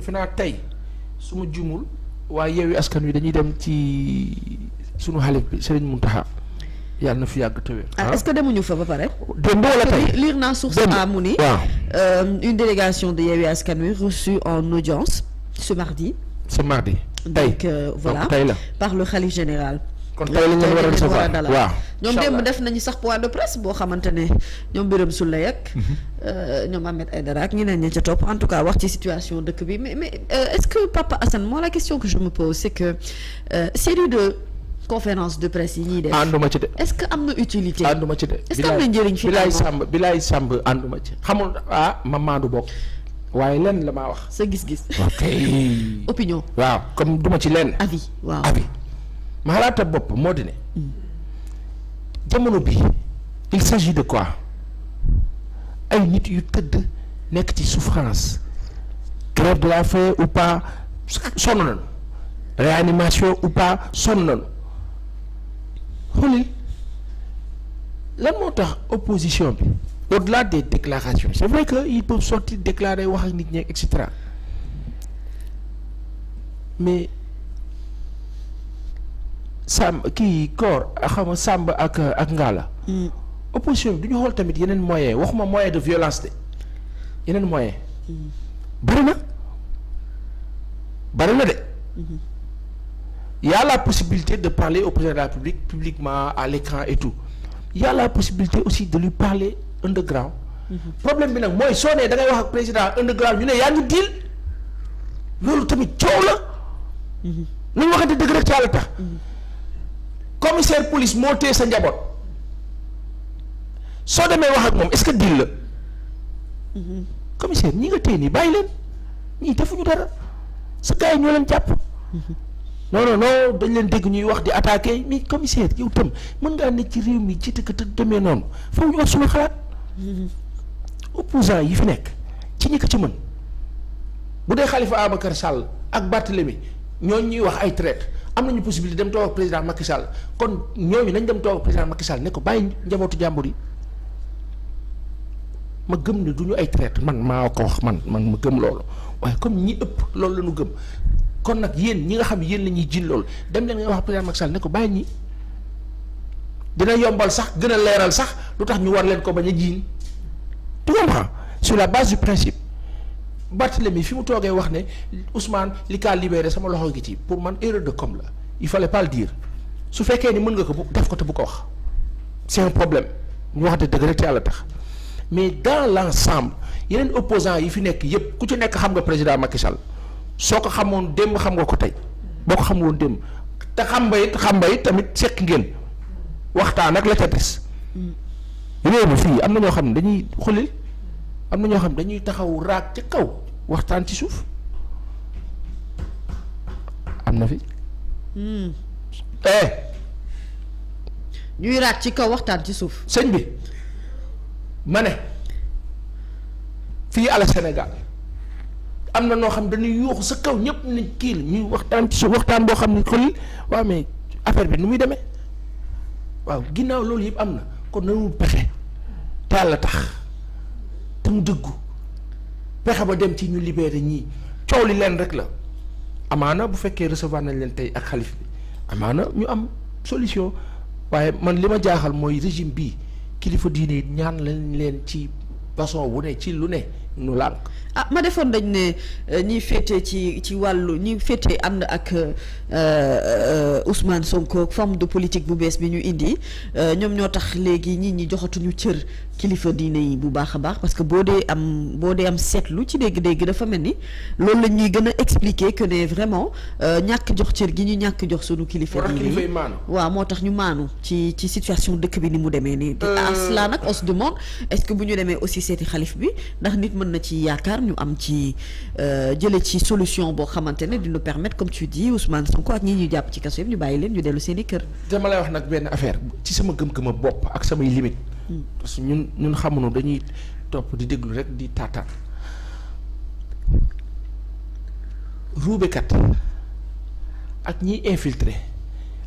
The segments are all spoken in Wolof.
defe naa tey su ma jumul waaye yeewi askan wi dañuy dem ci sunu xalif bi Serigne Mountakha yàlla na fi yàgg tëwee. ah, ah. que demuñu fa ba pare. démb wala tey lire naa source a mu ni une délégation de yeewi askan wi reçue en audience ce mardi. ce mardi tey euh, donc voilà par le xalif général. kon tey la ñu war a recevoir waaw. ñoom démb def nañu sax point de presse boo xamante ne ñoom Birame Souleye ak mhm. euh, ñoom Ahmed Aïdara ak ñeneen ña ca topp en tout cas wax ci situation dëkk bi mais mais euh, est que Papa Assane moi la question que je me pose c'est que euh, série de conférence de presse yi ñuy def ànduma ci de est que am na utilité ànduma ci de est-ce que am na njëriñ fi bilaay sàmb bilaay sàmb ànduma ci xamul ah ma maandu bokk waaye lenn la maa wax sa gis-gis ok opinion waaw comme duma ci lenn avis waaw avis ma xalaata bopp moo di jamono bi il s'agit de quoi ay nit yu tëdd nekk ci souffrance grève de la faim ou pas sonn nañu réanimation ou pas sonn nañu lan moo tax opposition bi au-delà des déclarations c'est vrai que ils peuvent sortir déclarer wax ak nit ñeeg et sàmm kii koor xam nga sàmb ak ak ngaala. Hmm. opposition bi du ñu xool tamit yeneen moyen waxuma moyen de violence de yeneen moyen hmm. bëri na de. Hmm. y la possibilité de parler au président publiquement à l'écran et tout y la possibilité aussi de lui parler underground. problème bi nag mooy soo nee wax ak président underground ñu ne yaa ngi diil loolu tamit coow la. nañu waxante dëgg rek ci yàlla commissaire police moo téye sa njaboot soo demee wax ak moom est-ce que dil la commissaire ñi nga téye nii bàyyi leen ñii ñu dara sa gars yi ñoo leen jàpp non non dañ leen dégg ñuy wax di attaqué mais commissaire yow tam mën ngaa nekk ci réew mi ci tëkk te demee noonu faw ñu wax suñu xalaat yi fi nekk ci ñi ko ci mën bu dee Khalifa Ababacar Sall ak Barthélemy ñooñ ñuy wax ay trait am nañu possibilité dem toog ak président Macky Sall kon ñooñu nañ dem toog ak président Macky ne ko bàyyi njabootu jàmbur yi ma gëm ne du ñu ay traître man ma ko wax man man ma gëm loolu waaye comme ñi ëpp loolu la ñu gëm kon nag yéen ñi nga xam yéen la ñuy jiin loolu dem leen nga wax président Macky ne ko bàyyi ñi dina yombal sax gën a leeral sax lu tax ñu war leen ko bañ a jiin tu comprends sur la base du principe. Barthélemy fi mu toogee wax ne Ousmane li kaa libéré sama loxo ngi ci pour man erreur de com la il fallait pas le dire su fekkee ni mën nga ko bu def ko te bu ko wax seen problème ñu wax de dëgg rek te yàlla tax mais dans l'ensemble yeneen opposants yi fi nekk yépp ku ci nekk xam nga président Macky Sall soo ko xamoon démb xam nga ko tey boo ko xamoon démb te xam nga it xam nga it tamit sekk ngeen waxtaan ak la ca des mm. réew mi fii am na ñoo xam ne dañuy xulil am na ñoo xam dañuy taxawu raag ca kaw waxtaan ci suuf am na fi. Hmm. Eh. ñuy raag ci kaw waxtaan ci suuf. sëñ bi ma ne fii à la Sénégal am na noo xam dañuy yuuxu sa kaw ñépp nañ kii ñuy waxtaan ci suuf waxtaan boo xam ne xolli waaw mais affaire bi nu muy demee waaw ginnaaw loolu yëpp am na kon nanul pexe te Yàlla tax. te mu dëggu pexe ba dem ci ñu libéré ñii coow li leen rek la amaana bu fekkee recevoir nañ leen tey ak xalif bi amaana ñu am solution waaye man li ma jaaxal mooy régime bi kilifa diine ñaan lañ leen ci façon wu ne ci lu ne nu lànk ah ma defoon dañ ne euh, ñiy féete ci ci wàllu ñi féete ànd ak euh, euh, Ousmane Sonko forme de politique bu bees bi ñu indi ñoom ñoo tax léegi nit ñi joxatuñu cër kilifa diine yi bu baax a baax parce que boo dee am boo dee am seetlu ci dégg-dégg dafa mel ni loolu la ñuy gën a expliquer que ne vraiment ñàkk jox cër gi ñu ñàkk jox sunu kilifa diine yi waaw moo tax ñu maanu ci ci situation dëkk bi ni mu demee nii. te à cela nag on se demande est-ce que bu ñu demee aussi seeti xalif bi ndax mën na ci yaakaar ñu am ci euh, jële ci solution boo xamante ne dina permettre comme tu dis Ousmane Sonko ak ñi ñu jàpp ci kaso yëpp ñu bàyyi leen ñu dellu seen i kër. dama lay wax nag benn affaire ci sama gëm-gëma bopp ak samay limite hmm. parce que ñun ñun xamuñu dañuy topp di déglu rek di taataan. ruubekat ak ñiy infiltre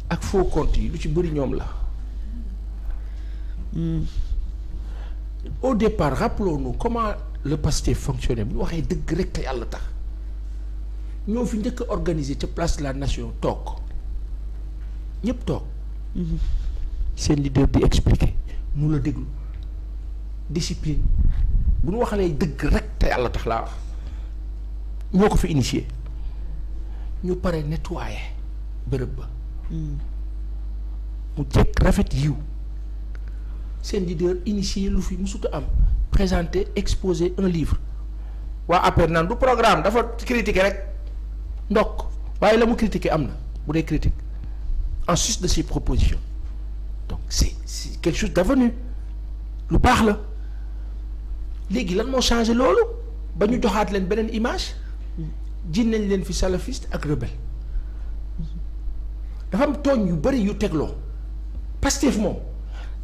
ak faux compte yi lu ci bëri ñoom la. Hmm. au départ rappelons-nous comment le Pastef fonctionnaire bu waxee dëgg rek te yàlla tax ñoo fi njëkk a organiser ca place la nation toog ñëpp toog. seen leader di expliquer nu la déglu discipline bu ñu waxalee dëgg rek te yàlla tax laa wax ñoo ko fi initier ñu pare nettoyer bërëb ba. Hmm. mu jekk rafet yiw seen leader initier lu fi musuta am. présenter exposer un livre waa après naan du programme dafa critiquer rek ndokk waaye la mu critiquer am na bu dee critique en sus de ses propositions donc c'est c'est quelque chose d'avenu lu baax la léegi lan moo changé loolu ba ñu joxaat leen beneen image ji nañ leen fi salafiste ak rebelle dafa am tooñ yu bari yu tegloo Pastef moom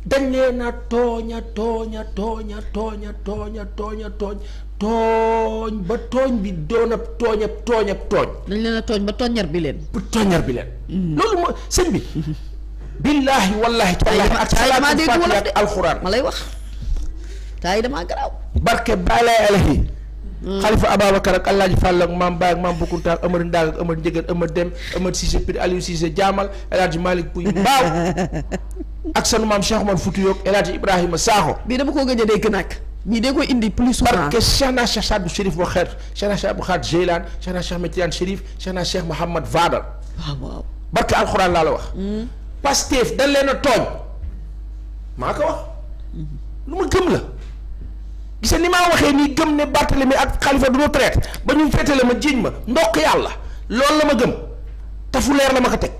dañ leen a tooña tooña tooña tooña tooña tooña tooñ tooñ ba tooñ bi doon ab tooñ ab tooñ ab tooñ dañ leen a tooñ ba tooñar bi leen ba tooñar bi leen hmm. loolu mooy sëñ bi billaahi wallaahi tallaahi ak salaatul faatiha ak alxuraan ma lay wax tay damaa garaaw barke bàyyi lay alahi hmm. xalifa Ababacar ak Alaaji Fàll ak maam Baay ak maam Bukunta ak Amar Ndaag ak Amar Njëgër Amar Dem Amar Cissé Pir Aliou Cissé Jaamal Alaaji Malick Puy Mbaaw ak sanu maam Cheikh Omar Fouti yoog El Hadj Ibrahima Sakho. bii dama ko gëj a dégg nag. bii de koy indi plus souvent. parce que Cheikh naa Cheikh Saad bu Chérif boo xeet Cheikh naa Cheikh Abou Khadre Jeylaan Cheikh naa Cheikh Metidiane Chérif Vadal. barke alxuraan laa la wax. Hmm. Pastef dañ leen a tooñ. maa ko wax. lu ma gëm la. gis ni maa waxee nii gëm ne Barthélemy ak Khalifa du traite ba ñu féetale ma jiiñ ma ndokk yàlla loolu la ma gëm tafu leer la ma ko teg.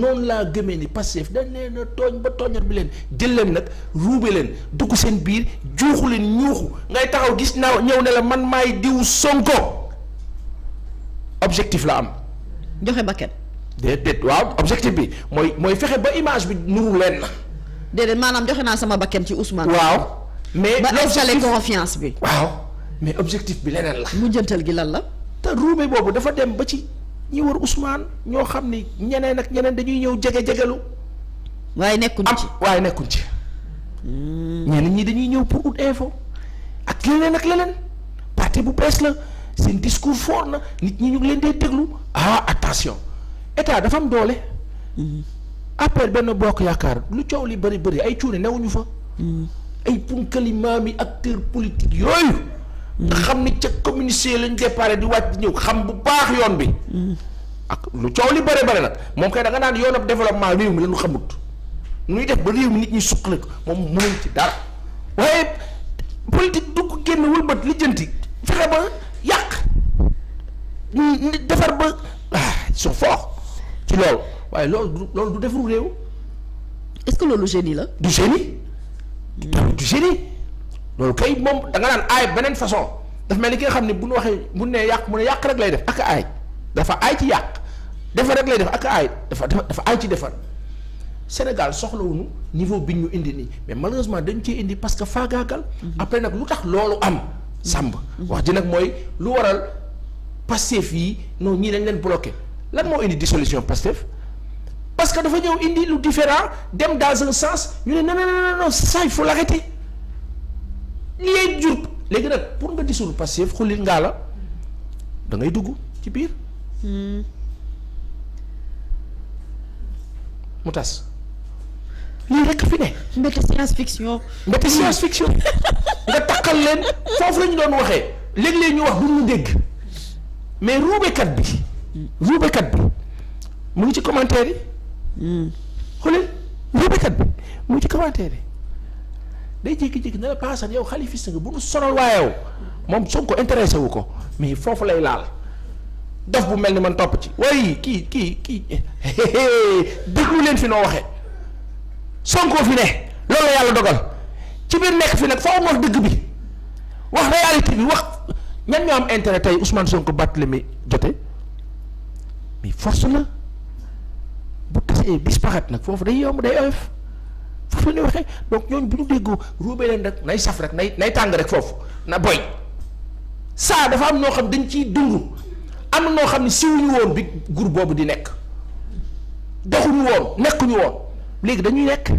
noonu laa gëmee ni Pastef dañ leen a tooñ ba tooñat bi leen jël leen nag ruube leen dugg seen biir juuxu leen ñuuxu ngay taxaw gis naa ñëw ne la man maay diw Sonko objectif la am. joxe ba kenn. déedéet waaw objectif bi mooy mooy fexe ba image bi nuru leen na. déedéet maanaam joxe naa sama bakkan ci Ousmane. waaw mais ba installé confiance bi. waaw mais objectif bi leneen la. mujjantal gi lan la. te ruube boobu dafa dem ba ci. ñi wër Ousmane ñoo xam ni ñeneen ak ñeneen dañuy ñëw jege jegelu waaye nekkuñ ci waaye nekkuñ ci. Hmm. ñeneen ñi dañuy ñëw pour ut info ak leneen ak leneen parti bu bees la seen discours fort na nit ñi ñu ngi leen dee déglu ah attention état dafam doole. Hmm. après benn bokk yaakaar lu coow li bëri bëri ay cuune newuñu fa. Hmm. ay punkali maam yi acteur politique yooyu. xam ni ca communiqué lañ déparé di wàcc ñëw xam bu baax yoon bi. ak lu coow li bare bare nag moom kay da nga naan yoon ab développement réew mi lañu xamut nuy def ba réew mi nit ñi suqali ko moom mënuñ ci dara waaye politique du ko génn wëlbat lijjanti fexe ba yàq ñu defar ba ah su foox ci loolu waaye loolu du loolu du réew. est-ce que loolu génie la. du génie. Hmm. du génie. loolu kay moom da nga naan aay beneen façon dafa mel ni ki xam ne bu ñu waxee bu nee yàq mu ne yàq rek lay def ak aay dafa aay ci yàq defar rek lay def ak aay dafa dafa aay ci defar Sénégal soxlawuñu niveau bi ñu indi nii mais malheureusement dañu cee indi parce que faagaagal. après nag lu tax loolu am. sàmb wax ji nag mooy lu waral Pastef yi non ñii dañ leen bloqué lan moo indi di solution parce que dafa ñëw indi lu différent dem dans un sens ñu ne non non liyee jur léegi nag pour nga disul passif xulit ngaa la da ngay dugg ci biir mu tas lii rekk fi ne mbete science fiction mbete science fiction nga takkal leen foofu la ñu doon waxee léeg-léeg ñu wax du ñu dégg mais ruubekat bi ruubekat bi mu ngi ci commentaire yi hmm. xulil ruubekat bi mu ngi ci commentaire yi day jékki-jékki ne la paasan yow xalifiste nga bu nu sonal waayew moom Sonko intéressé wu ko mais foofu lay laal def bu mel ni man topp ci way kii kii kii déglu leen fi noo waxee Sonko fi ne loolu la yàlla dogal ci biir nekk fi nag faaw dëgg bi wax réalité bi wax ñan ñoo am intérêt tey Ousmane Sonko Barthélémy jote mais force la bu kasee disparaître nag foofu day yomb day oyof foofu la ñuy waxee donc ñooñu bu ñu déggoo ruubee leen rek nay saf rek nay nay tàng rek foofu na boy saa dafa am noo xam dañ ciy dund am na noo xam ne siwuñu woon bi gur boobu di nekk doxuñu woon nekkuñu woon léegi dañuy nekk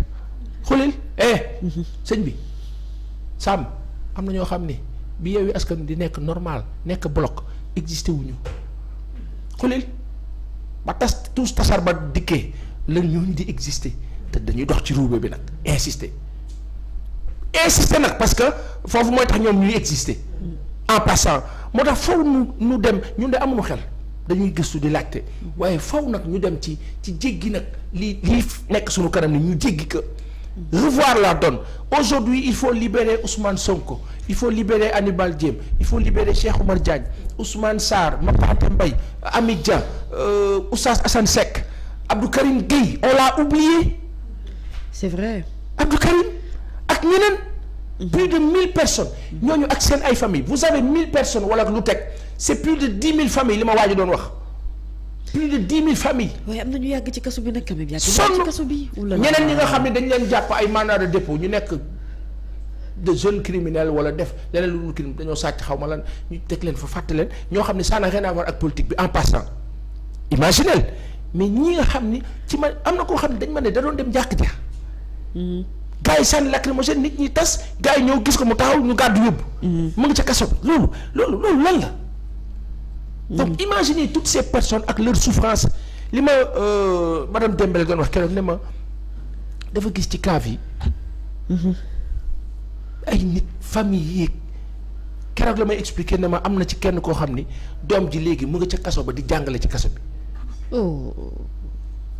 xulil eh sëñ bi sam am na ñoo xam ne bi yow yi askan di nekk normal nekk bloc existé wuñu xulil ba tas tous tasar ba dikkee la ñooñu di exister te dañuy dox ci ruube bi nag insister insister nag parce que foofu mooy tax ñoom ñuy exister en passant moo tax faw nu dem ñun de amuñu xel dañuy gëstu di laajte waaye faw nag ñu dem ci ci jéggi nag li lii nekk suñu kanam ni ñu jéggi ko revoir la donne aujourd'hui il faut libérer Ousmane Sonko il faut libérer Hannibal Djim il faut libérer Cheikh Oumar Diagne Ousmane Sarr Mapate Mbaye Amid Dia euh, Oustaz Assane Seck Karim Gueye on l'a c'est vrai Abdou ak ñeneen. Mhm. plus de mille personnes. ñooñu ak seen ay famille vous avez mille personnes wala lu teg c'est plus de dix mille familles li ma waaj doon wax. plus de dix mille familles. waaye am na ñu yàgg ci kaso bi nag quand même. yàgg ci kaso bi ñeneen nga xam ne dañ leen jàpp ay mandat de dépôt ñu nekk de jeunes criminels wala def leneen lu dul crime dañoo sàcc xaw ma lan ñu teg leen fa fàtte leen ñoo xam ne ça n'a rien à voir ak politique bi en passant. imaginel mais ñi nga xam ni ci ma am na koo xam ne dañ ma ne da dem jàkk ja bàyyi sànni lacrymogène nit ñi tas gars yi ñoo gis ko mu taxaw ñu gàddu yóbbu. Mhm. mu ngi ca kaso loolu loolu loolu lan la. Mhm. donc imaginez toutes ces personnes ak leur souffrance li ma euh, madame Dembélé doon wax keroog ne ma dafa gis ci cave yi. Mhm. ay nit famille yi keroog la may expliquer ne ma am na ci kenn koo xam ni doom ji léegi mu nga ca kaso ba di jàngale ci kaso bi. Oh.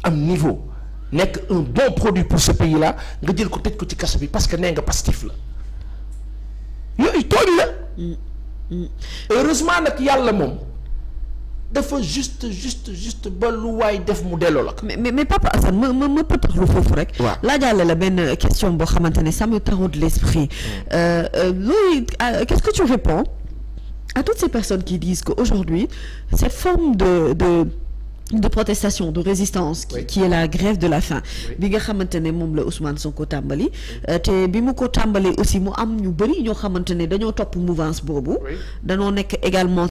am niveau. nekk un bon produit pour ce pays là nga jël ko tëj ko ci kaso bi parce que nee nga Pastef la yooyu tooñ la heureusement nag yàlla moom dafa juste juste juste ba lu waay def mu delloo la. mais mais papa Assane ma ma ma pëtax lu foofu rek. waaw laajaale la benn question boo xamante ne ça me taraude l'esprit. Hmm. Euh, euh, looy euh, qu'est-ce que tu toutes ces personnes qui disent que aujourd'hui cette forme de de. de protestation de résistance qui, oui. la grève de la faim bi nga xamante ne moom la Ousmane Sonko tàmbali euh, te bi mu ko tàmbali aussi mu am ñu bëri ñoo xamante ne dañoo topp mouvance boobu dañoo nekk également